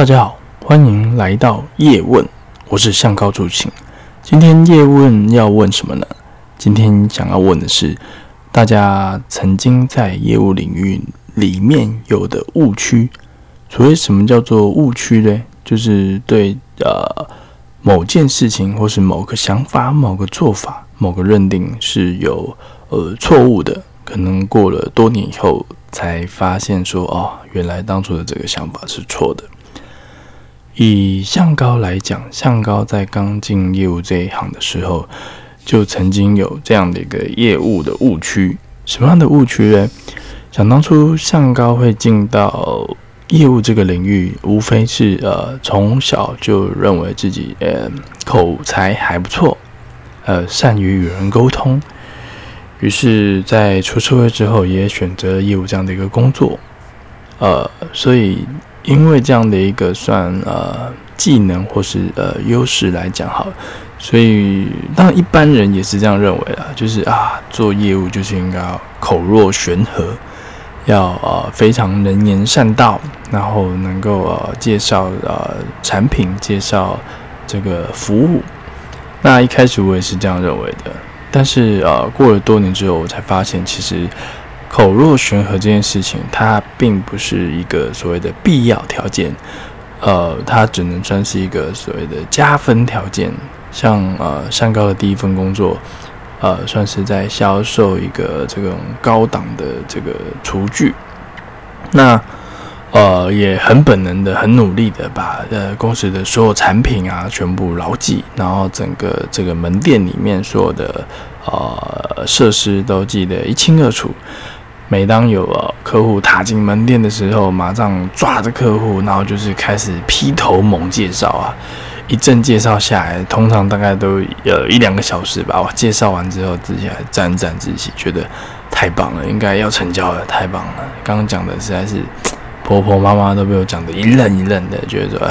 大家好，歡迎來到樂問，我是向高祝琴，今天樂問要問什麼呢？今天想要問的是，大家曾經在業務領域裡面有的誤區。所謂什麼叫做誤區嘞？就是對呃某件事情或是某個想法、某個做法、某個認定是有呃錯誤的。可能過了多年以後才發現說，哦，原來當初的這個想法是錯的。以向高來講，向高在剛進業務這一行的時候，就曾經有這樣的一個業務的誤區。什麼樣的誤區呢？想當初向高會進到業務這個領域，無非是呃，從小就認為自己呃口才還不錯，呃，善於與人溝通。於是，在出社會之後，也選擇了業務這樣的一個工作。呃，所以。因為這樣的一個算，呃，技能或是呃優勢來講好了，所以當一般人也是這樣認為啦，就是啊做業務就是應該要口若懸河，要呃非常能言善道，然後能夠呃介紹呃產品介紹這個服務。那一開始我也是這樣認為的，但是呃過了多年之後，我才發現其實。口若懸河這件事情，它並不是一個所謂的必要條件，呃，它只能算是一個所謂的加分條件。像呃，向高的第一份工作，呃，算是在銷售一個這種高檔的這個廚具，那呃，也很本能的、很努力的把呃公司的所有產品啊，全部牢記，然後整個這個門店裡面所有的呃設施都記得一清二楚。每當有客戶踏進門店的時候，馬上抓着客戶，然後就是開始劈頭猛介紹啊！一陣介紹下來，通常大概都有一兩個小時吧。我介紹完之後，自己還沾沾自喜，覺得太棒了，應該要成交了，太棒了！剛剛講的實在是婆婆媽媽都被我講的一愣一愣的，覺得說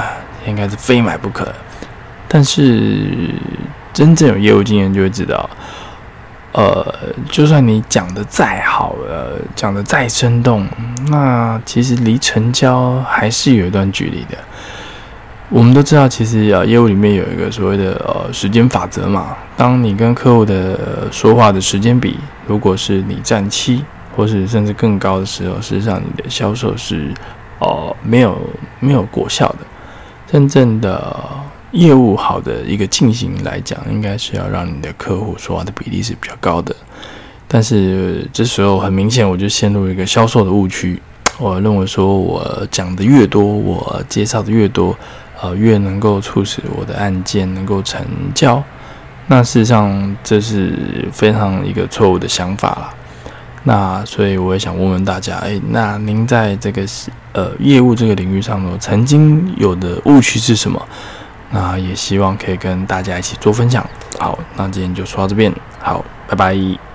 應該是非買不可。但是真正有業務經驗就會知道。呃，就算你講的再好，呃，講的再生動，那其實離成交還是有一段距離的。我們都知道，其實啊、呃，業務裡面有一個所謂的呃時間法則嘛。當你跟客戶的、呃、說話的時間比，如果是你佔七，或是甚至更高的時候，實際上你的銷售是哦、呃、沒有沒有果效的。真正的。業務好的一個進行來講，應該是要讓你的客戶說話的比例是比較高的。但是這時候很明顯，我就陷入一個銷售的誤區。我認為說我講的越多，我介紹的越多，呃，越能夠促使我的案件能夠成交。那事實上這是非常一個錯誤的想法了。那所以我也想問問大家，誒，那您在這個呃業務這個領域上呢，曾經有的誤區是什麼？那也希望可以跟大家一起做分享。好，那今天就說到這邊。好，拜拜。